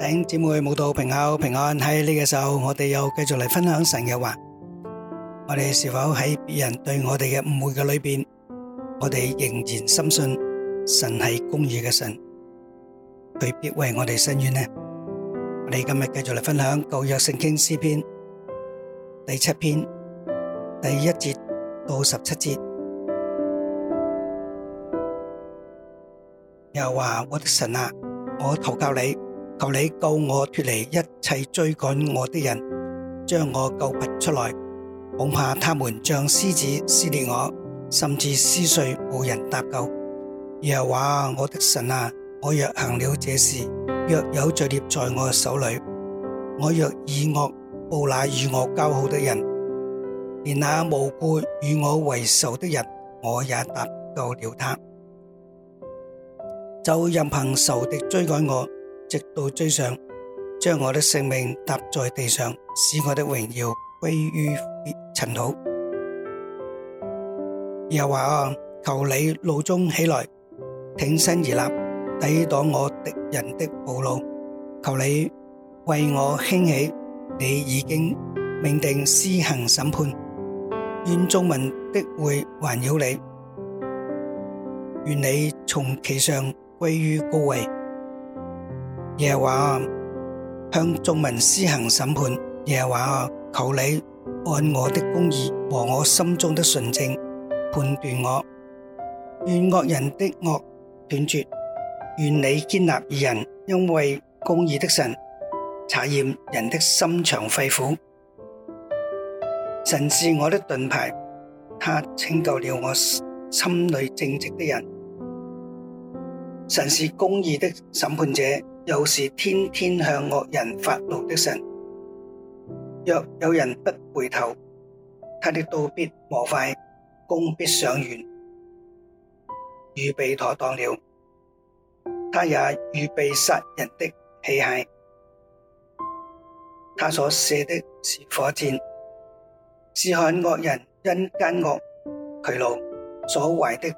頂姊妹冇到平安，平安。喺呢個時候，我哋又繼續嚟分享神嘅話。我哋是否喺別人對我哋嘅誤會嘅裏邊，我哋仍然深信神係公義嘅神，佢必為我哋伸冤呢？我哋今日繼續嚟分享舊約聖經詩篇第七篇第一節到十七節，又話我的神啊，我投靠你。求你救我脫離一切追趕我的人，將我救拔出來。恐怕他們像獅子撕裂我，甚至撕碎無人搭救。又話我的神啊，我若行了這事，若有罪孽在我手裏，我若以惡報那與我交好的人，連那無故與我為仇的人，我也搭救了他，就任憑仇敵追趕我。直到追上，將我的性命搭在地上，使我的榮耀歸於塵土。又話啊，求你路中起來，挺身而立，抵擋我敵人的暴怒，求你為我興起，你已經命定施行審判，願眾民的會環繞你，願你從其上歸於高位，耶華向眾民施行審判，耶華求你按我的公義和我心中的純正判斷我，願惡人的惡斷絕，願你堅立義人，因為公義的神查驗人的心腸肺腑，神是我的盾牌，他拯救了我心裏正直的人，神是公義的審判者。又是天天向惡人發怒的神。若有人不回頭，他的刀必磨快，弓必上弦，預備妥當了，他也預備殺人的器械，他所射的是火箭。試看惡人因奸惡歧路所懷的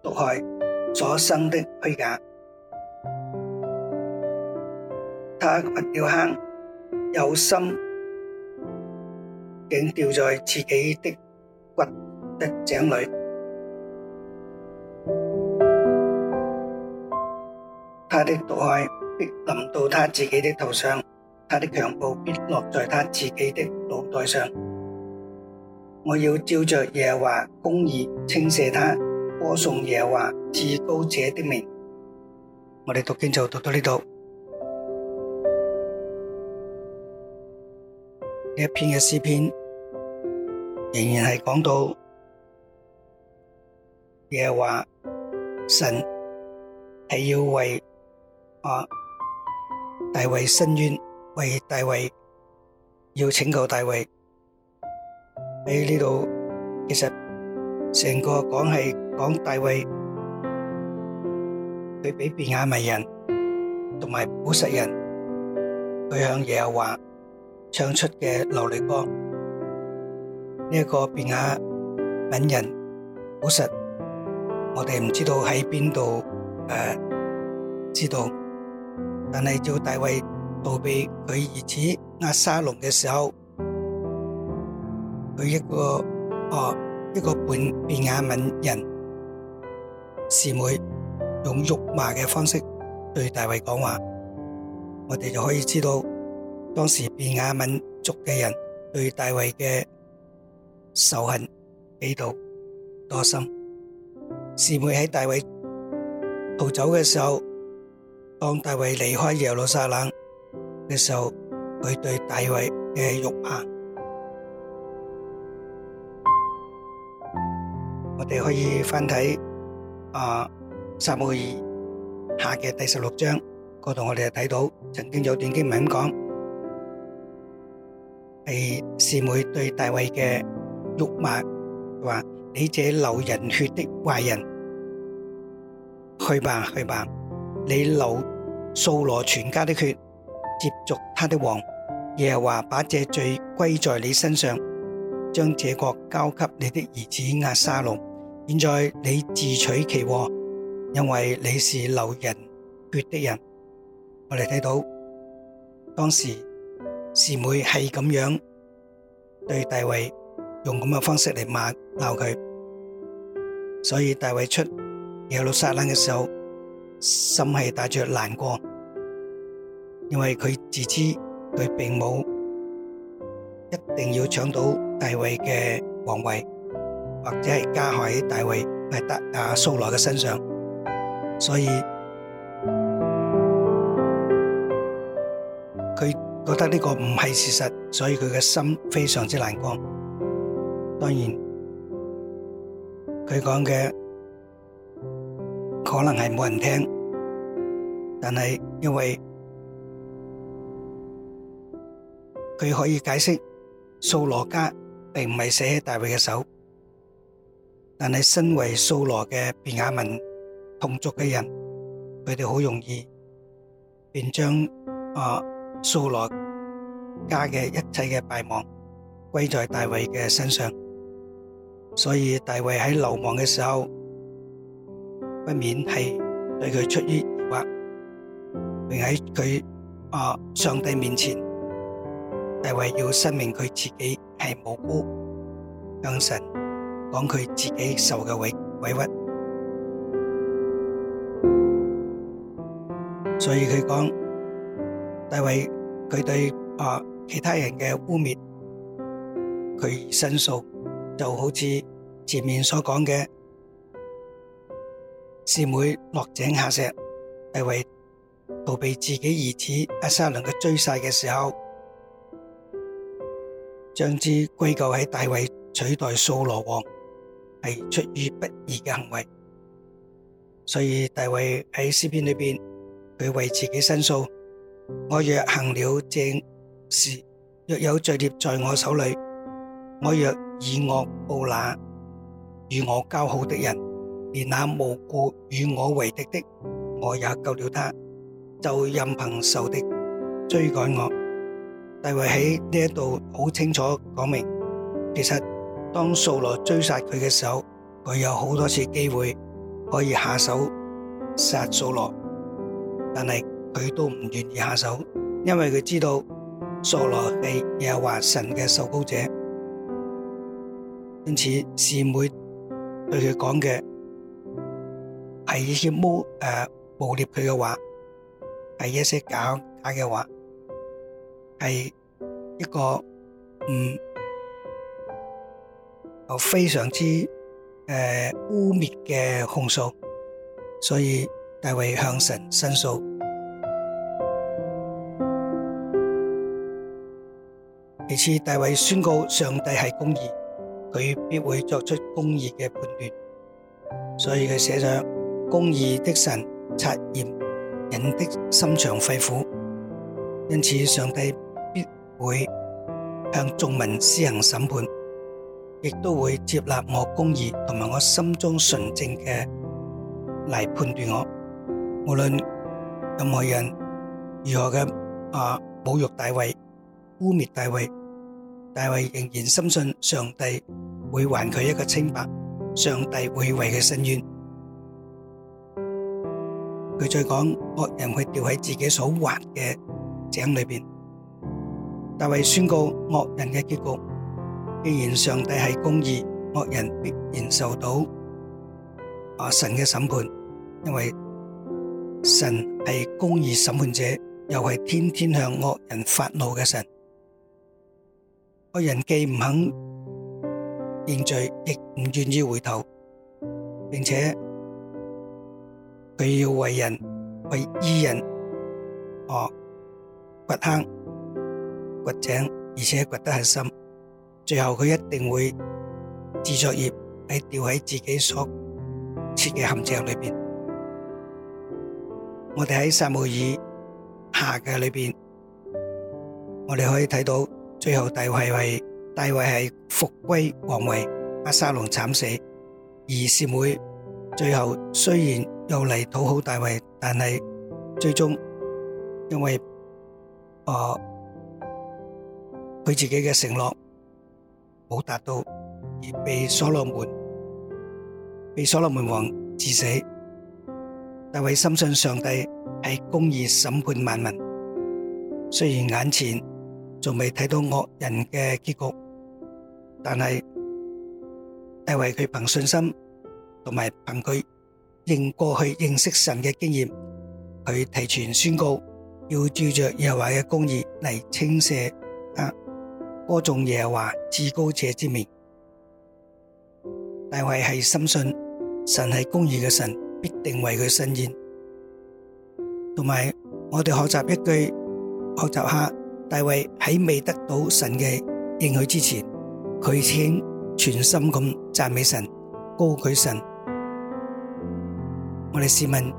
毒害，所生的虛假。他掘掉坑，有心竟掉在自己的骨的井裏。他的毒害必臨到他自己的頭上，他的強暴必落在他自己的腦袋上。我要照着耶華公義，稱謝他，歌頌耶華至高者的名。我哋讀經就讀到呢度。呢一篇嘅詩篇，仍然係講到耶和華，神係要為啊大衛申冤，為大衛要拯救大衛。喺呢度，其實成個講係講大衛佢俾便雅憫人同埋古實人，佢向耶和華，唱出嘅流離歌，呢一個便雅憫人古實，我哋唔知道喺邊度誒知道，但係做大衛逃避佢兒子押沙龍嘅時候，佢一個哦一個便雅憫人示每用辱罵嘅方式對大衛講話，我哋就可以知道。當時便雅憫族嘅人對大衛嘅仇恨幾度多深。係示每對大衛嘅辱罵，話你這流人血的壞人，去吧去吧，你流掃羅全家的血，接續他的王。耶和華把這罪歸在你身上，將這國交給你的兒子押沙龍。現在你自取其禍，因為你是流人血的人。我哋睇到當時。示每係咁樣對大衛用咁嘅方式嚟罵鬧佢，所以大衛出耶路撒冷嘅時候，心係帶住難過，因為佢自知佢並冇一定要搶到大衛嘅皇位，或者係加害喺大衛唔係得啊蘇萊嘅身上，所以佢。覺得呢個唔係事實，所以佢嘅心非常之難過。當然，佢講嘅可能係冇人聽，但係因為佢可以解釋掃羅家並唔係寫喺大衛嘅手，但係身為掃羅嘅便雅憫同族嘅人，佢哋好容易便將啊。掃羅家嘅一切嘅敗亡，歸在大衛嘅身上，所以大衛喺流亡嘅時候，不免係對佢出於疑惑，並喺佢啊，上帝面前，大衛要申明佢自己係無辜，向神講佢自己受嘅委委屈，所以佢講大衛。佢對啊其他人嘅污衊，佢而申訴，就好似前面所講嘅，示每落井下石，大衛逃避自己兒子押沙龍嘅追殺嘅時候，將之歸咎喺大衛取代掃羅王係出於不義嘅行為，所以大衛喺詩篇裏邊，佢為自己申訴。我若行了正事，若有罪孽在我手裏，我若以惡報那，與我交好的人，連那無故與我為敵的，的，我也救了他，就任憑仇敵追趕我。大衛喺呢一度好清楚講明，其實當掃羅追殺佢嘅時候，佢有好多次機會可以下手殺掃羅，但係，佢都唔願意下手，因為佢知道掃羅係耶和華神嘅受膏者，因此侍妹對佢講嘅係一些誣誒誣衊佢嘅話，係一些假假嘅話，係一個嗯非常之誒污衊嘅控訴，所以大衛向神申訴。其次，大衛宣告，上帝係公義，佢必會作出公義的判斷。所以，佢寫上，公義的神，察驗，人的心腸肺腑。因此，上帝必會向眾民施行審判，亦都會接納我公義，同埋我心中純正嘅，嚟判斷我。無論，任何人，如何嘅，啊，侮辱大衛，污蔑大衛，大衛仍然深信上帝會還佢一個清白，上帝會為佢伸冤。佢再講，惡人會掉喺自己所挖嘅井裏面。大衛宣告惡人嘅結局，既然上帝係公義，惡人必然受到啊神嘅審判，因為神係公義審判者，又係天天向惡人發怒嘅神。個人既唔肯認罪，亦唔願意回頭，並且佢要為人、為伊人，哦掘坑、掘井，而且掘得係深，最後佢一定會自作孽，被掉喺自己所設嘅陷阱裏邊。我哋喺撒母耳下嘅裏邊，我哋可以睇到。最後大衛係大衛係復歸皇位，押沙龍慘死。而示每最後雖然又嚟討好大衛，但係最終因為誒佢、呃、自己嘅承諾冇達到，而被所羅門被所羅門王致死。大衛深信上帝係公義審判萬民，雖然眼前。仲未睇到惡人嘅結局，但係大衛佢憑信心同埋憑佢認過去認識神嘅經驗，佢提前宣告，要照着耶和華嘅公義嚟稱謝啊，歌頌耶和華至高者之名。大衛係深信神係公義嘅神，必定為佢伸冤。同埋我哋學習一句，學習下。大衛喺未得到神嘅認許之前，佢已經全心咁讚美神，高舉神。我哋試問：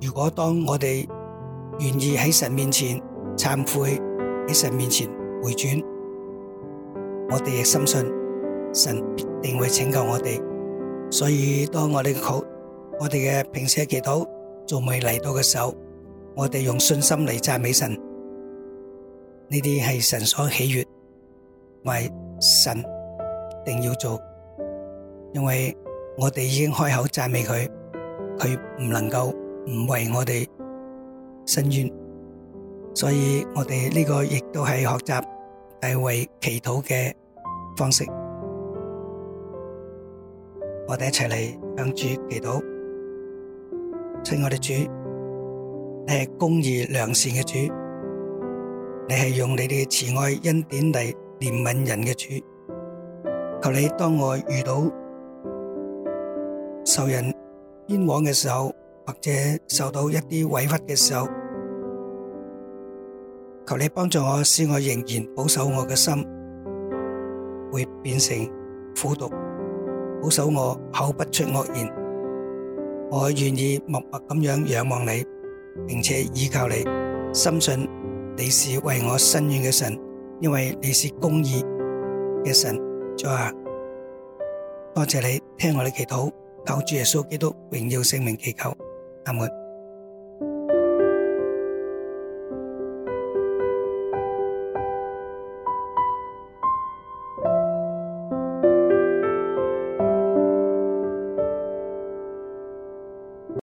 如果當我哋願意喺神面前懺悔，喺神面前回轉，我哋亦深信神必定會拯救我哋。所以當我哋嘅口，我哋嘅平車祈禱仲未嚟到嘅時候，我哋用信心嚟讚美神。呢啲係神所喜悅，為神一定要做，因為我哋已經開口讚美佢，佢唔能夠唔為我哋伸冤，所以我哋呢個亦都係學習係為祈禱嘅方式，我哋一齊嚟向主祈禱，謝我哋主係公義良善嘅主。你係用你哋慈愛恩典嚟憐憫人嘅主，求你當我遇到受人冤枉嘅時候，或者受到一啲委屈嘅時候，求你幫助我使我仍然保守我嘅心會變成苦毒，保守我口不出惡言。我願意默默咁樣仰望你，並且依靠你，深信。你是為我伸冤嘅神，因為你是公義嘅神，就話多謝你聽我哋祈禱，救主耶穌基督榮耀聖名祈求，阿門。